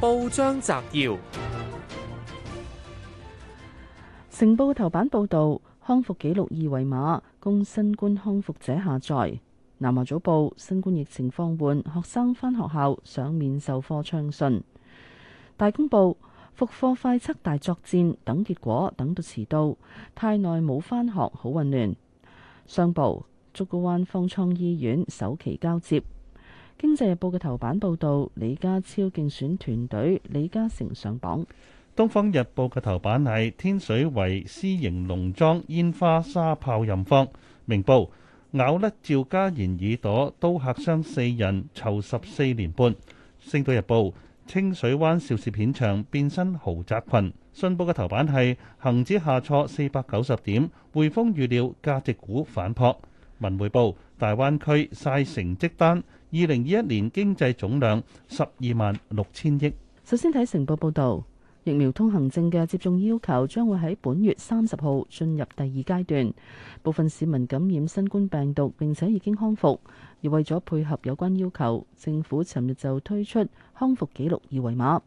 報章摘要：城報頭版報道康復記錄二維碼供新冠康復者下載。南華早報：新冠疫情放緩，學生返學校上面授課暢順。大公報：復課快測大作戰等結果等到遲到，太耐冇返學好混亂。商報：竹篙灣方艙醫院首期交接。《經濟日報》嘅頭版報導，李家超競選團隊李嘉誠上榜。《東方日報》嘅頭版係天水圍私營農莊煙花沙炮任放，《明報》咬甩趙家賢耳朵，刀客傷四人，囚十四年半。《星島日報》清水灣邵氏片場變身豪宅羣，《信報》嘅頭版係恆指下挫四百九十點，匯豐預料價值股反撲，《文匯報》大灣區曬成績單。二零二一年經濟總量十二萬六千億。首先睇成報報導，疫苗通行證嘅接種要求將會喺本月三十號進入第二階段。部分市民感染新冠病毒並且已經康復，而為咗配合有關要求，政府尋日就推出康復記錄二維碼。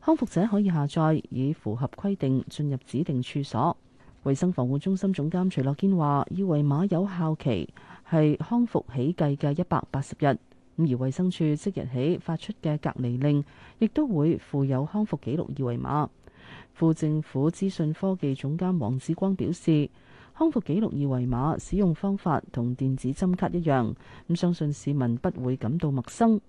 康復者可以下載，以符合規定進入指定處所。衛生防護中心總監徐樂堅話，二維碼有效期係康復起計嘅一百八十日。咁而衛生署即日起發出嘅隔離令，亦都會附有康復記錄二維碼。副政府資訊科技總監黃志光表示，康復記錄二維碼使用方法同電子針卡一樣，咁相信市民不會感到陌生。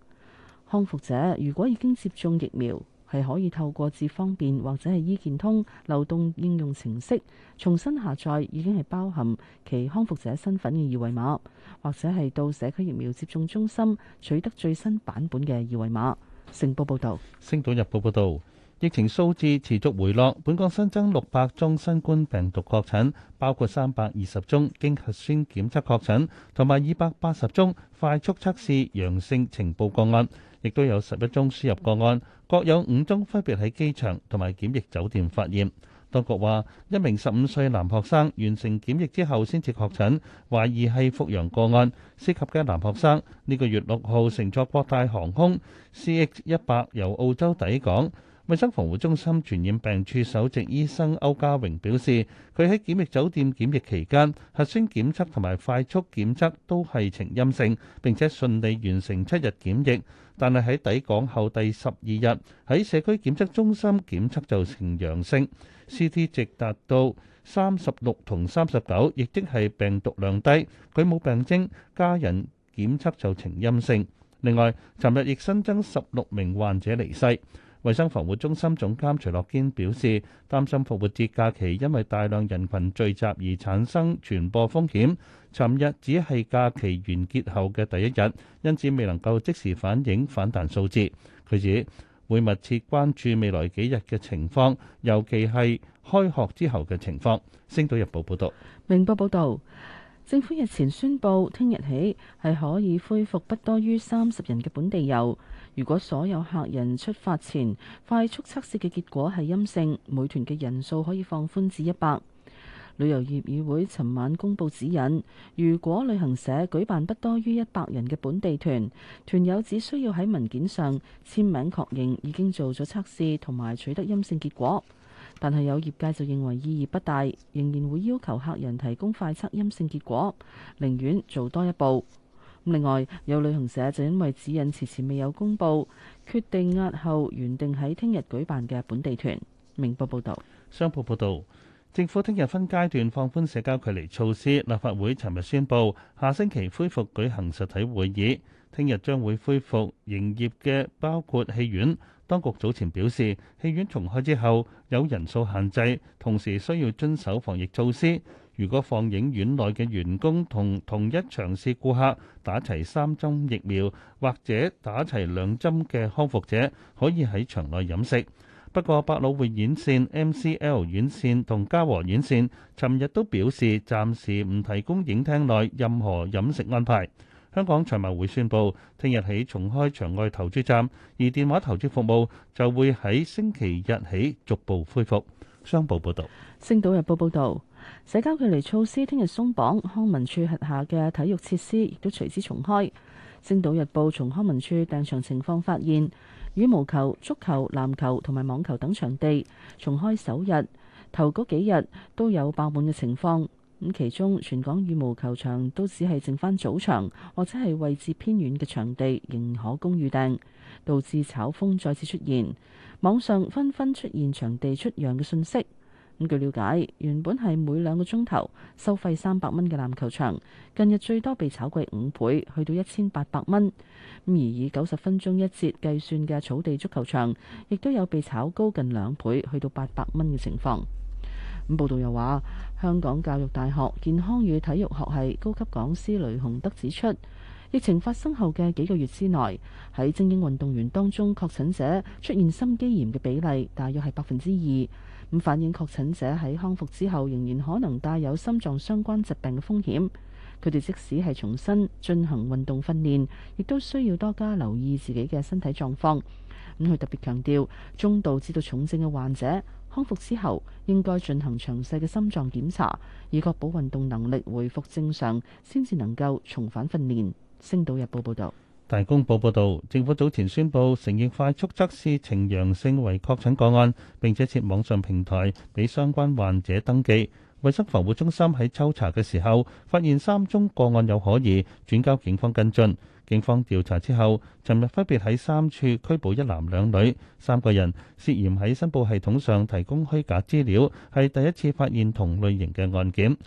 康復者如果已經接種疫苗，係可以透過智方便或者係醫健通流動應用程式重新下載已經係包含其康復者身份嘅二維碼，或者係到社區疫苗接種中心取得最新版本嘅二維碼。成報報道：「星島日報報道，疫情數字持續回落，本港新增六百宗新冠病毒確診，包括三百二十宗經核酸檢測確診，同埋二百八十宗快速測試陽性呈報個案。亦都有十一宗輸入個案，各有五宗分別喺機場同埋檢疫酒店發現。當局話，一名十五歲男學生完成檢疫之後先至確診，懷疑係復陽個案，涉及嘅男學生呢個月六號乘坐國泰航空 CX 一百由澳洲抵港。衞生防護中心傳染病處首席醫生歐家榮表示，佢喺檢疫酒店檢疫期間，核酸檢測同埋快速檢測都係呈陰性，並且順利完成七日檢疫。但係喺抵港後第十二日喺社區檢測中心檢測就呈陽性，CT 值達到三十六同三十九，亦即係病毒量低。佢冇病徵，家人檢測就呈陰性。另外，尋日亦新增十六名患者離世。衛生防護中心總監徐樂堅表示，擔心復活節假期因為大量人群聚集而產生傳播風險。尋日只係假期完結後嘅第一日，因此未能夠即時反映反彈數字。佢指會密切關注未來幾日嘅情況，尤其係開學之後嘅情況。星島日報報道，明報報道，政府日前宣佈，聽日起係可以恢復不多於三十人嘅本地遊。如果所有客人出發前快速測試嘅結果係陰性，每團嘅人數可以放寬至一百。旅遊業議會尋晚公布指引，如果旅行社舉辦不多於一百人嘅本地團，團友只需要喺文件上簽名確認已經做咗測試同埋取得陰性結果。但係有業界就認為意義不大，仍然會要求客人提供快測陰性結果，寧願做多一步。另外，有旅行社就因為指引遲遲未有公布，決定押後原定喺聽日舉辦嘅本地團。明報報道，商報報道，政府聽日分階段放寬社交距離措施。立法會尋日宣布，下星期恢復舉行實體會議，聽日將會恢復營業嘅包括戲院。當局早前表示，戲院重開之後有人數限制，同時需要遵守防疫措施。如果放映院內嘅員工同同一場次顧客打齊三針疫苗，或者打齊兩針嘅康復者，可以喺場內飲食。不過，百老匯院線、MCL 院線同嘉禾院線尋日都表示暫時唔提供影廳內任何飲食安排。香港賽馬會宣布，聽日起重開場外投注站，而電話投注服務就會喺星期日起逐步恢復。商報報道，《星島日報》報道。社交距離措施聽日鬆綁，康文署轄下嘅體育設施亦都隨之重開。星島日報從康文署訂場情況發現，羽毛球、足球、籃球同埋網球等場地重開首日、頭嗰幾日都有爆滿嘅情況。咁其中，全港羽毛球場都只係剩返早場或者係位置偏遠嘅場地仍可供預訂，導致炒風再次出現。網上紛紛出現場地出讓嘅信息。據了解，原本係每兩個鐘頭收費三百蚊嘅籃球場，近日最多被炒貴五倍，去到一千八百蚊。而以九十分鐘一節計算嘅草地足球場，亦都有被炒高近兩倍，去到八百蚊嘅情況。咁報道又話，香港教育大學健康與體育學系高級講師雷洪德指出，疫情發生後嘅幾個月之內，喺精英運動員當中確診者出現心肌炎嘅比例，大約係百分之二。咁反映確診者喺康復之後仍然可能帶有心臟相關疾病嘅風險。佢哋即使係重新進行運動訓練，亦都需要多加留意自己嘅身體狀況。咁，嗯，佢特別強調，中度至到重症嘅患者康復之後，應該進行詳細嘅心臟檢查，以確保運動能力回復正常，先至能夠重返訓練。《星島日報》報道。大公報報導，政府早前宣布承認快速測試呈陽性為確診個案，並且設網上平台俾相關患者登記。衞生防護中心喺抽查嘅時候，發現三宗個案有可疑，轉交警方跟進。警方調查之後，尋日分別喺三處拘捕一男兩女三個人，涉嫌喺申報系統上提供虛假資料，係第一次發現同類型嘅案件。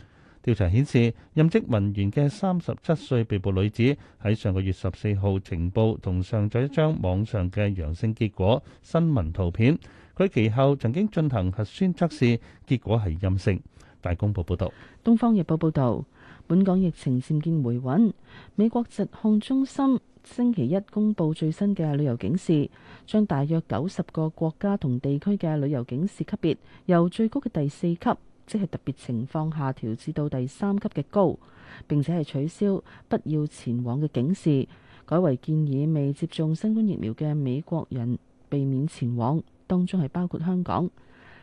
調查顯示，任職文員嘅三十七歲被捕女子喺上個月十四號呈報同上載一張網上嘅陽性結果新聞圖片。佢其後曾經進行核酸測試，結果係陰性。大公報報導，《東方日報》報導，本港疫情漸見回穩。美國疾控中心星期一公布最新嘅旅遊警示，將大約九十個國家同地區嘅旅遊警示級別由最高嘅第四級，即係特別情況下調至到第三級嘅高，並且係取消不要前往嘅警示，改為建議未接種新冠疫苗嘅美國人避免前往，當中係包括香港。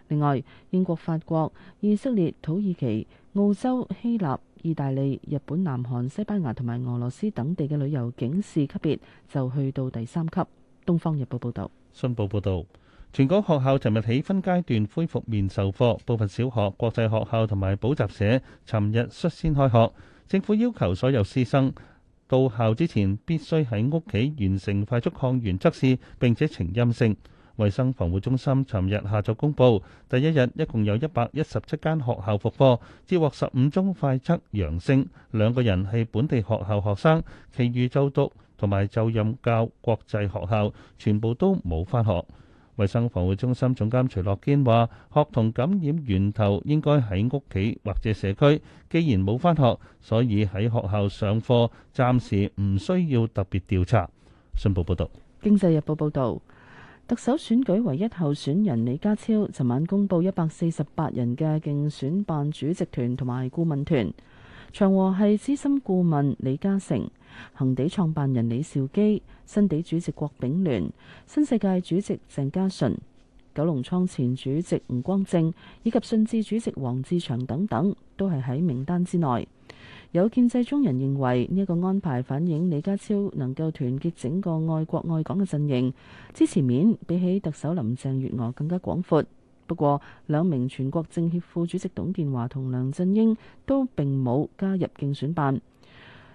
另外，英國、法國、以色列、土耳其、澳洲、希臘、意大利、日本、南韓、西班牙同埋俄羅斯等地嘅旅遊警示級別就去到第三級。《東方日報》報道。《新報》報道。全港學校尋日起分階段恢復面授課，部分小學、國際學校同埋補習社尋日率先開學。政府要求所有師生到校之前必須喺屋企完成快速抗原測試並且呈陰性。衛生防護中心尋日下晝公佈，第一日一共有一百一十七間學校復課，接獲十五宗快測陽性，兩個人係本地學校學生，其餘就讀同埋就任教國際學校，全部都冇返學。衛生防護中心總監徐樂堅話：學童感染源頭應該喺屋企或者社區，既然冇翻學，所以喺學校上課暫時唔需要特別調查。信報報道，《經濟日報》報道，特首選舉唯一候選人李家超，尋晚公布一百四十八人嘅競選辦主席團同埋顧問團。長和係資深顧問李嘉誠、恒地創辦人李兆基、新地主席郭炳聯、新世界主席鄭家純、九龍倉前主席吳光正以及信智主席黃志祥等等，都係喺名單之內。有建制中人認為呢一個安排反映李家超能夠團結整個愛國愛港嘅陣營，支持面比起特首林鄭月娥更加廣闊。不過，兩名全國政協副主席董建華同梁振英都並冇加入競選辦。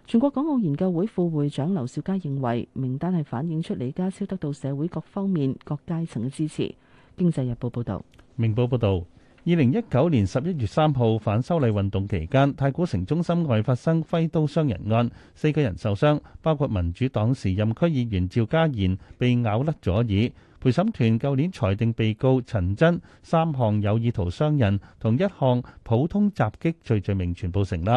全國港澳研究會副會長劉兆佳認為，名單係反映出李家超得到社會各方面各階層嘅支持。經濟日報報導，明報報導，二零一九年十一月三號反修例運動期間，太古城中心外發生揮刀傷人案，四個人受傷，包括民主黨時任區議員趙家賢被咬甩左耳。陪審團舊年裁定被告陳真三項有意圖傷人同一項普通襲擊罪罪名全部成立。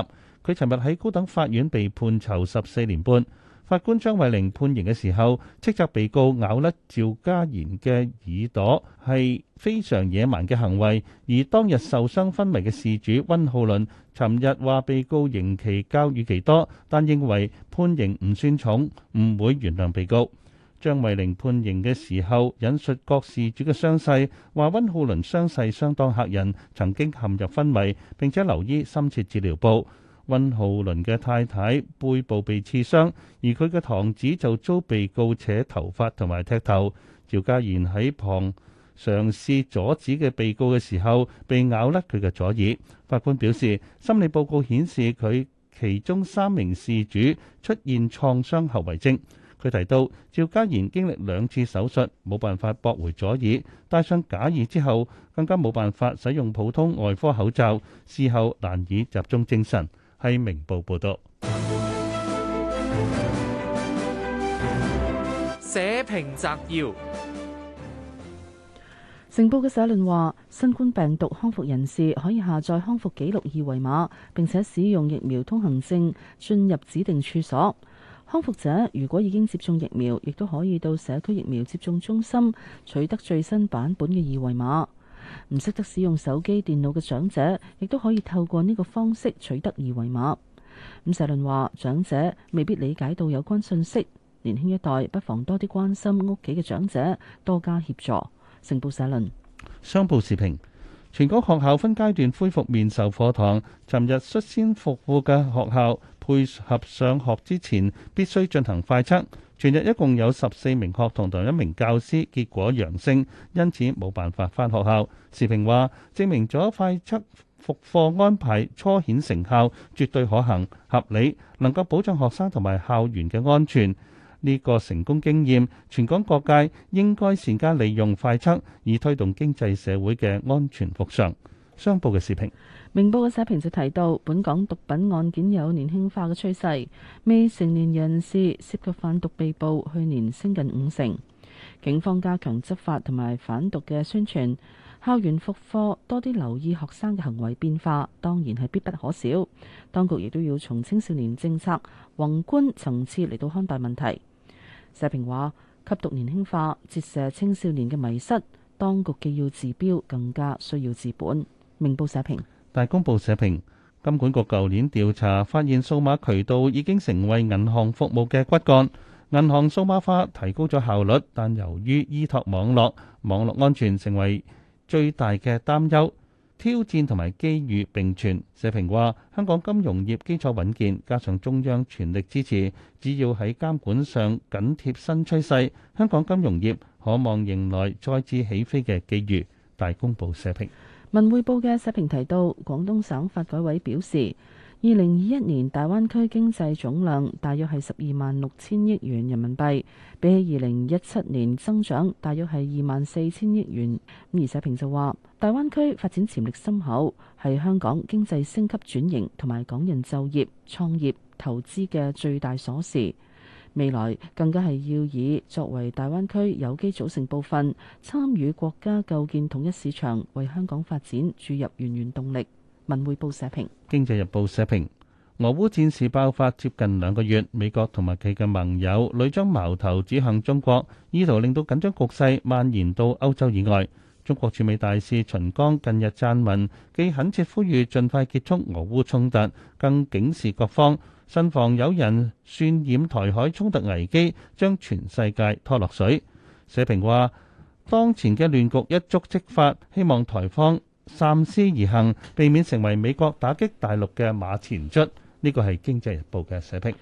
佢尋日喺高等法院被判囚十四年半。法官張慧玲判刑嘅時候，斥責被告咬甩趙家賢嘅耳朵係非常野蠻嘅行為。而當日受傷昏迷嘅事主温浩倫尋日話被告刑期較預期多，但認為判刑唔算重，唔會原諒被告。張慧玲判刑嘅時候，引述各事主嘅傷勢，話温浩倫傷勢相當嚇人，曾經陷入昏迷，並且留醫深切治療部。温浩倫嘅太太背部被刺傷，而佢嘅堂子就遭被告扯頭髮同埋踢頭。趙家賢喺旁嘗試阻止嘅被告嘅時候，被咬甩佢嘅左耳。法官表示，心理報告顯示佢其中三名事主出現創傷後遺症。佢提到，趙家賢經歷兩次手術，冇辦法駁回左耳，戴上假耳之後，更加冇辦法使用普通外科口罩，事後難以集中精神。喺明報報道，社評摘要，成報嘅社論話，新冠病毒康復人士可以下載康復記錄二維碼，並且使用疫苗通行證進入指定處所。康復者如果已經接種疫苗，亦都可以到社區疫苗接種中心取得最新版本嘅二維碼。唔識得使用手機電腦嘅長者，亦都可以透過呢個方式取得二維碼。咁社論話，長者未必理解到有關信息，年輕一代不妨多啲關心屋企嘅長者，多加協助。成報社論，商報時評，全港學校分階段恢復面授課堂。尋日率先復課嘅學校，配合上學之前必須進行快測，全日一共有十四名學童同一名教師結果陽性，因此冇辦法翻學校。時評話證明咗快測復課安排初顯成效，絕對可行合理，能夠保障學生同埋校園嘅安全。呢、這個成功經驗全港各界應該善加利用快測，以推動經濟社會嘅安全復常。商報嘅視頻，明報嘅社評就提到，本港毒品案件有年輕化嘅趨勢，未成年人士涉及販毒被捕，去年升近五成。警方加強執法同埋反毒嘅宣傳，校園復課多啲留意學生嘅行為變化，當然係必不可少。當局亦都要從青少年政策宏觀層次嚟到看待問題。社評話：吸毒年輕化折射青少年嘅迷失，當局既要治標，更加需要治本。明報社評。大公報社評，金管局舊年調查發現，數碼渠道已經成為銀行服務嘅骨幹，銀行數碼化提高咗效率，但由於依託網絡，網絡安全成為最大嘅擔憂，挑戰同埋機遇並存。社評話，香港金融業基礎穩健，加上中央全力支持，只要喺監管上緊貼新趨勢，香港金融業可望迎來再次起飛嘅機遇。大公報社評。文匯報嘅社評提到，廣東省發改委表示，二零二一年大灣區經濟總量大約係十二萬六千億元人民幣，比起二零一七年增長大約係二萬四千億元。而社評就話，大灣區發展潛力深厚，係香港經濟升級轉型同埋港人就業、創業、投資嘅最大鎖匙。未來更加係要以作為大灣區有機組成部分，參與國家構建統一市場，為香港發展注入源源動力。文匯報社評、經濟日報社評。俄烏戰事爆發接近兩個月，美國同埋其嘅盟友屢將矛頭指向中國，意圖令到緊張局勢蔓延到歐洲以外。中國駐美大使秦剛近日撰文，既懇切呼籲盡快結束俄烏衝突，更警示各方。慎防有人渲染台海衝突危機，將全世界拖落水。社評話，當前嘅亂局一觸即發，希望台方三思而行，避免成為美國打擊大陸嘅馬前卒。呢個係經濟日報嘅社評。